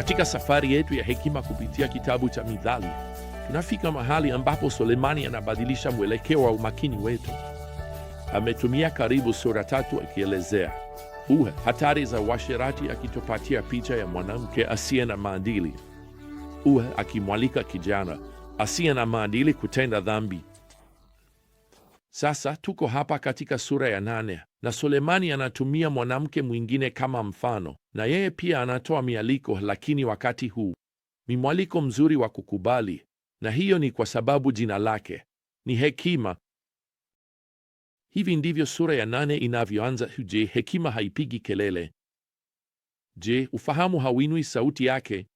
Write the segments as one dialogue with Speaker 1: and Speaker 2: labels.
Speaker 1: Katika safari yetu ya hekima kupitia kitabu cha Mithali, tunafika mahali ambapo Sulemani anabadilisha mwelekeo wa umakini wetu. Ametumia karibu sura tatu akielezea uhe hatari za uasherati, akitopatia picha ya mwanamke asiye na maadili, uhe akimwalika kijana asiye na maadili kutenda dhambi. Sasa tuko hapa katika sura ya nane na Sulemani anatumia mwanamke mwingine kama mfano, na yeye pia anatoa mialiko, lakini wakati huu ni mwaliko mzuri wa kukubali, na hiyo ni kwa sababu jina lake ni hekima. Hivi ndivyo sura ya nane inavyoanza. Je, hekima haipigi kelele? Je, ufahamu hawinui sauti yake?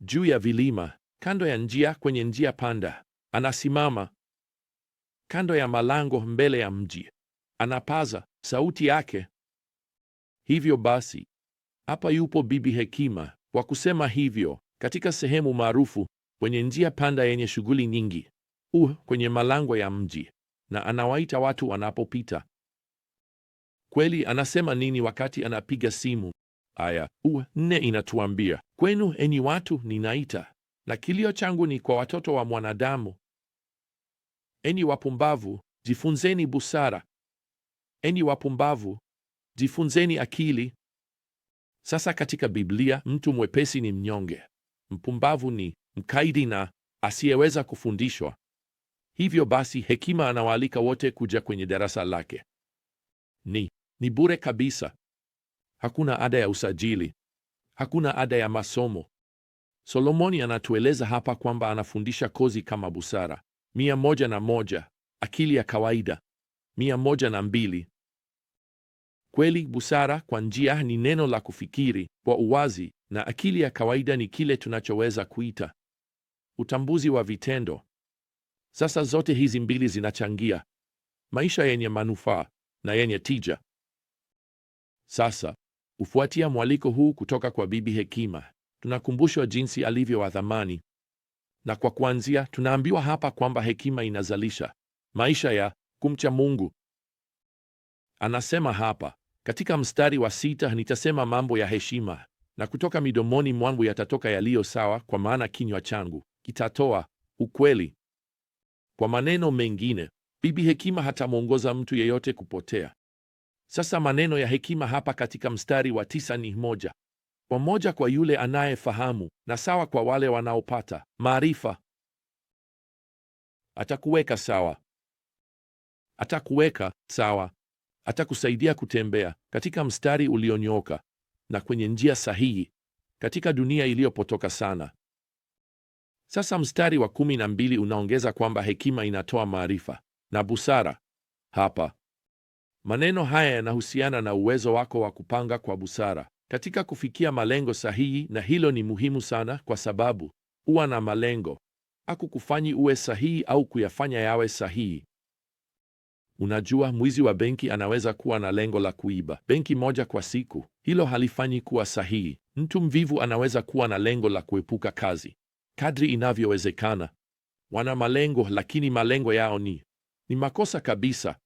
Speaker 1: Juu ya vilima, kando ya njia, kwenye njia panda, anasimama kando ya malango mbele ya mji, anapaza sauti yake. Hivyo basi, hapa yupo Bibi Hekima kwa kusema hivyo katika sehemu maarufu kwenye njia panda yenye shughuli nyingi uh, kwenye malango ya mji, na anawaita watu wanapopita. Kweli anasema nini wakati anapiga simu? Aya uh, nne inatuambia, kwenu enyi watu ninaita, na kilio changu ni kwa watoto wa mwanadamu. Enyi wapumbavu, jifunzeni busara. Enyi wapumbavu, jifunzeni akili. Sasa katika Biblia mtu mwepesi ni mnyonge, mpumbavu ni mkaidi na asiyeweza kufundishwa. Hivyo basi, hekima anawaalika wote kuja kwenye darasa lake. Ni ni bure kabisa. Hakuna ada ya usajili, hakuna ada ya masomo. Solomoni anatueleza hapa kwamba anafundisha kozi kama busara, mia moja na moja akili ya kawaida mia moja na mbili Kweli, busara kwa njia ni neno la kufikiri kwa uwazi, na akili ya kawaida ni kile tunachoweza kuita utambuzi wa vitendo. Sasa zote hizi mbili zinachangia maisha yenye manufaa na yenye tija. Sasa ufuatia mwaliko huu kutoka kwa Bibi Hekima, tunakumbushwa jinsi alivyo wa thamani na kwa kuanzia, tunaambiwa hapa kwamba hekima inazalisha maisha ya kumcha Mungu. Anasema hapa katika mstari wa sita, nitasema mambo ya heshima na kutoka midomoni mwangu yatatoka yaliyo sawa, kwa maana kinywa changu kitatoa ukweli. Kwa maneno mengine, bibi hekima hatamwongoza mtu yeyote kupotea. Sasa maneno ya hekima hapa katika mstari wa tisa ni moja pamoja kwa yule anayefahamu na sawa kwa wale wanaopata maarifa. Atakuweka sawa, atakuweka sawa, atakusaidia kutembea katika mstari ulionyoka na kwenye njia sahihi katika dunia iliyopotoka sana. Sasa mstari wa kumi na mbili unaongeza kwamba hekima inatoa maarifa na busara. Hapa maneno haya yanahusiana na uwezo wako wa kupanga kwa busara katika kufikia malengo sahihi, na hilo ni muhimu sana, kwa sababu uwa na malengo akukufanyi uwe sahihi au kuyafanya yawe sahihi. Unajua, mwizi wa benki anaweza kuwa na lengo la kuiba benki moja kwa siku, hilo halifanyi kuwa sahihi. Mtu mvivu anaweza kuwa na lengo la kuepuka kazi kadri inavyowezekana. Wana malengo, lakini malengo yao ni ni makosa kabisa.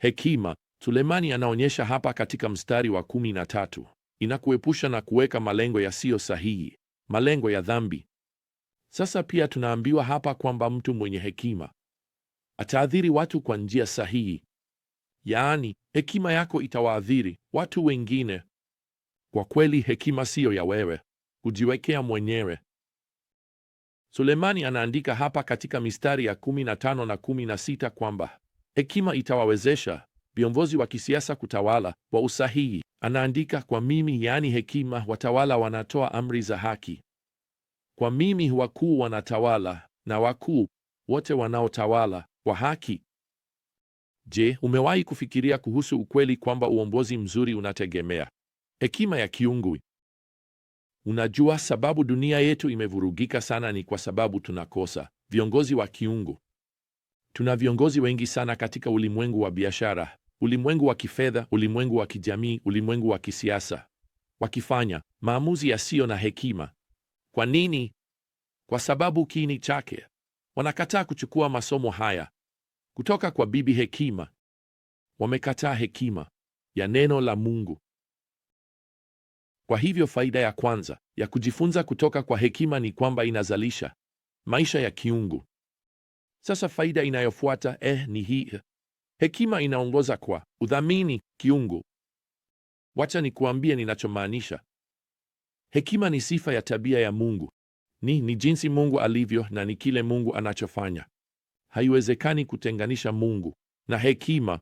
Speaker 1: Hekima Sulemani anaonyesha hapa katika mstari wa kumi na tatu inakuepusha na kuweka malengo yasiyo sahihi, malengo ya dhambi. Sasa pia tunaambiwa hapa kwamba mtu mwenye hekima ataathiri watu kwa njia sahihi, yaani hekima yako itawaathiri watu wengine. Kwa kweli, hekima siyo ya wewe kujiwekea mwenyewe. Sulemani anaandika hapa katika mistari ya 15 na 16 kwamba hekima itawawezesha viongozi wa kisiasa kutawala kwa usahihi. Anaandika, kwa mimi, yaani hekima, watawala wanatoa amri za haki. Kwa mimi, wakuu wanatawala na wakuu wote wanaotawala kwa haki. Je, umewahi kufikiria kuhusu ukweli kwamba uongozi mzuri unategemea hekima ya kiungu? Unajua, sababu dunia yetu imevurugika sana ni kwa sababu tunakosa viongozi wa kiungu. Tuna viongozi wengi sana katika ulimwengu wa biashara, ulimwengu wa kifedha, ulimwengu wa kijamii, ulimwengu wa kisiasa, wakifanya maamuzi yasiyo na hekima. Kwa nini? Kwa sababu kiini chake wanakataa kuchukua masomo haya kutoka kwa Bibi Hekima. Wamekataa hekima ya neno la Mungu. Kwa hivyo, faida ya kwanza ya kujifunza kutoka kwa hekima ni kwamba inazalisha maisha ya kiungu. Sasa faida inayofuata eh, ni hii: Hekima inaongoza kwa udhamini kiungu. Wacha nikuambie ninachomaanisha. Hekima ni sifa ya tabia ya Mungu, ni ni jinsi Mungu alivyo na ni kile Mungu anachofanya. Haiwezekani kutenganisha Mungu na hekima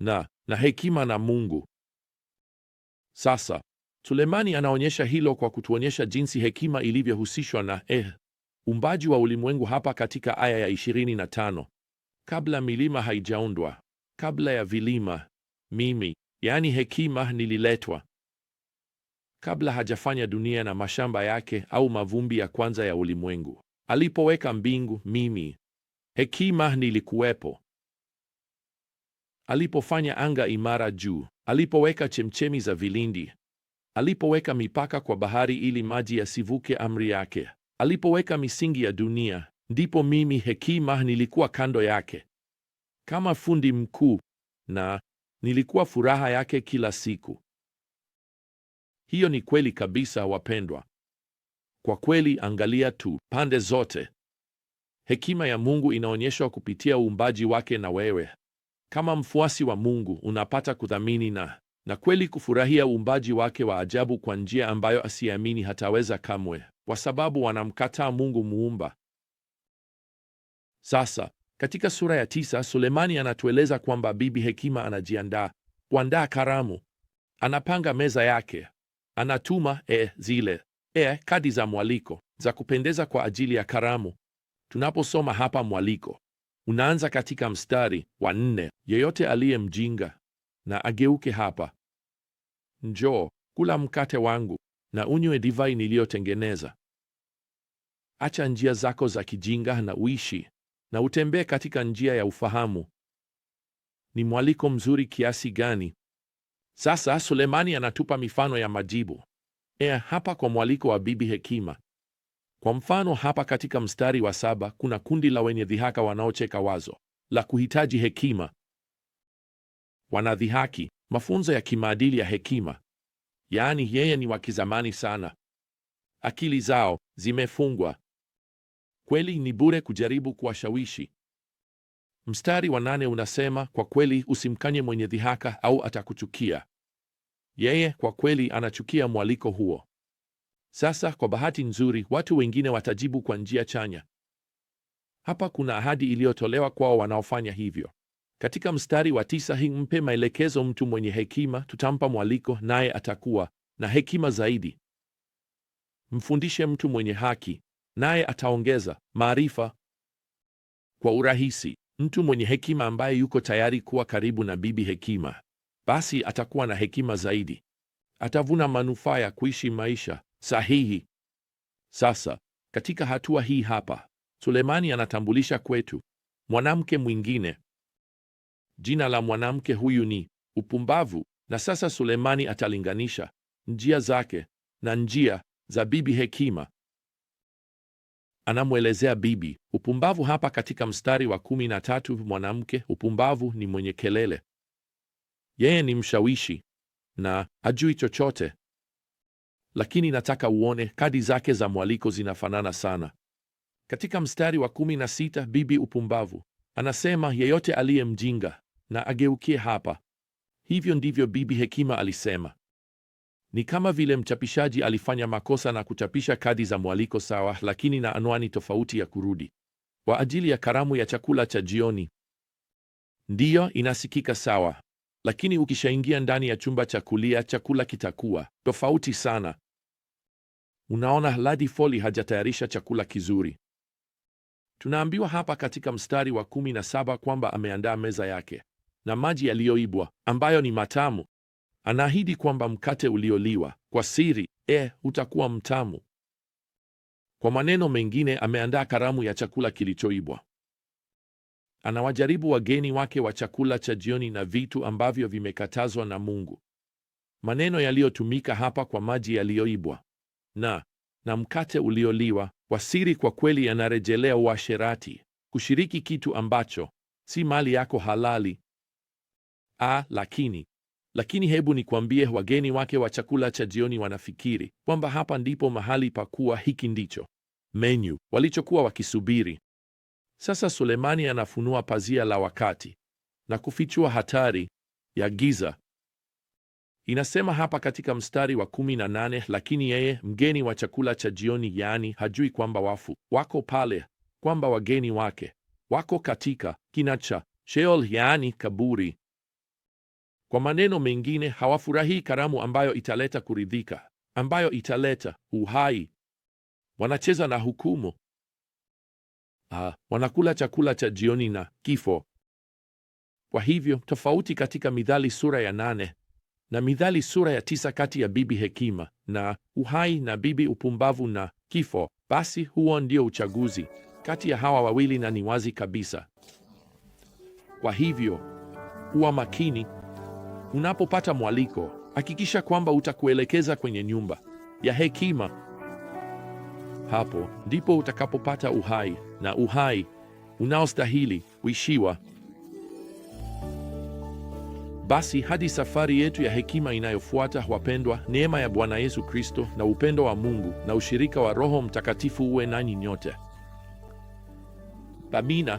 Speaker 1: na na hekima na Mungu. Sasa Sulemani anaonyesha hilo kwa kutuonyesha jinsi hekima ilivyohusishwa na eh, umbaji wa ulimwengu hapa katika aya ya 25, kabla milima haijaundwa kabla ya vilima, mimi, yani hekima, nililetwa. Kabla hajafanya dunia na mashamba yake au mavumbi ya kwanza ya ulimwengu, alipoweka mbingu, mimi, hekima, nilikuwepo. Alipofanya anga imara juu, alipoweka chemchemi za vilindi, alipoweka mipaka kwa bahari ili maji yasivuke amri yake, alipoweka misingi ya dunia, ndipo mimi hekima nilikuwa kando yake kama fundi mkuu na nilikuwa furaha yake kila siku. Hiyo ni kweli kabisa, wapendwa. Kwa kweli, angalia tu pande zote. Hekima ya Mungu inaonyeshwa kupitia uumbaji wake, na wewe kama mfuasi wa Mungu unapata kudhamini na na kweli kufurahia uumbaji wake wa ajabu kwa njia ambayo asiamini hataweza kamwe, kwa sababu wanamkataa Mungu muumba. Sasa katika sura ya tisa Sulemani anatueleza kwamba Bibi Hekima anajiandaa kuandaa karamu, anapanga meza yake, anatuma e, zile e, kadi za mwaliko za kupendeza kwa ajili ya karamu. Tunaposoma hapa, mwaliko unaanza katika mstari wa nne: yeyote aliye mjinga na ageuke hapa, njoo kula mkate wangu na unywe divai niliyotengeneza, acha njia zako za kijinga na uishi na utembee katika njia ya ufahamu. Ni mwaliko mzuri kiasi gani! Sasa Sulemani anatupa mifano ya majibu. E, hapa kwa mwaliko wa Bibi Hekima. Kwa mfano, hapa katika mstari wa saba kuna kundi la wenye dhihaka wanaocheka wazo la kuhitaji hekima. Wanadhihaki mafunzo ya kimaadili ya hekima, yaani yeye ni wa kizamani sana, akili zao zimefungwa. Kweli ni bure kujaribu kuwashawishi. Mstari wa nane unasema, kwa kweli usimkanye mwenye dhihaka au atakuchukia. Yeye kwa kweli anachukia mwaliko huo. Sasa kwa bahati nzuri, watu wengine watajibu kwa njia chanya. Hapa kuna ahadi iliyotolewa kwao wanaofanya hivyo. Katika mstari wa tisa, hii mpe maelekezo mtu mwenye hekima, tutampa mwaliko naye atakuwa na hekima zaidi. Mfundishe mtu mwenye haki naye ataongeza maarifa. Kwa urahisi, mtu mwenye hekima ambaye yuko tayari kuwa karibu na bibi hekima, basi atakuwa na hekima zaidi, atavuna manufaa ya kuishi maisha sahihi. Sasa katika hatua hii hapa, Sulemani anatambulisha kwetu mwanamke mwingine. Jina la mwanamke huyu ni Upumbavu, na sasa Sulemani atalinganisha njia zake na njia za bibi hekima anamwelezea bibi upumbavu hapa katika mstari wa kumi na tatu. Mwanamke upumbavu ni mwenye kelele, yeye ni mshawishi na ajui chochote, lakini nataka uone kadi zake za mwaliko zinafanana sana. Katika mstari wa kumi na sita bibi upumbavu anasema yeyote aliye mjinga na ageukie hapa. Hivyo ndivyo bibi hekima alisema. Ni kama vile mchapishaji alifanya makosa na kuchapisha kadi za mwaliko sawa, lakini na anwani tofauti ya kurudi kwa ajili ya karamu ya chakula cha jioni. Ndiyo, inasikika sawa, lakini ukishaingia ndani ya chumba cha kulia chakula kitakuwa tofauti sana. Unaona, Ladi Foli hajatayarisha chakula kizuri. Tunaambiwa hapa katika mstari wa kumi na saba kwamba ameandaa meza yake na maji yaliyoibwa ambayo ni matamu. Anaahidi kwamba mkate ulioliwa kwa siri e, utakuwa mtamu. Kwa maneno mengine, ameandaa karamu ya chakula kilichoibwa. Anawajaribu wageni wake wa chakula cha jioni na vitu ambavyo vimekatazwa na Mungu. Maneno yaliyotumika hapa kwa maji yaliyoibwa na na mkate ulioliwa kwa siri, kwa kweli yanarejelea uasherati, kushiriki kitu ambacho si mali yako halali. A, lakini lakini hebu nikwambie, wageni wake wa chakula cha jioni wanafikiri kwamba hapa ndipo mahali pa kuwa, hiki ndicho menyu walichokuwa wakisubiri. Sasa Sulemani anafunua pazia la wakati na kufichua hatari ya giza. Inasema hapa katika mstari wa 18, lakini yeye mgeni wa chakula cha jioni yaani, hajui kwamba wafu wako pale, kwamba wageni wake wako katika kina cha Sheol, yaani kaburi. Kwa maneno mengine, hawafurahii karamu ambayo italeta kuridhika, ambayo italeta uhai. Wanacheza na hukumu. Ah, wanakula chakula cha jioni na kifo. Kwa hivyo tofauti katika Mithali sura ya nane na Mithali sura ya tisa kati ya bibi hekima na uhai na bibi upumbavu na kifo, basi huo ndio uchaguzi kati ya hawa wawili, na ni wazi kabisa. Kwa hivyo kuwa makini. Unapopata mwaliko, hakikisha kwamba utakuelekeza kwenye nyumba ya hekima. Hapo ndipo utakapopata uhai na uhai unaostahili kuishiwa. Basi hadi safari yetu ya hekima inayofuata, wapendwa, neema ya Bwana Yesu Kristo na upendo wa Mungu na ushirika wa Roho Mtakatifu uwe nanyi nyote. Amina.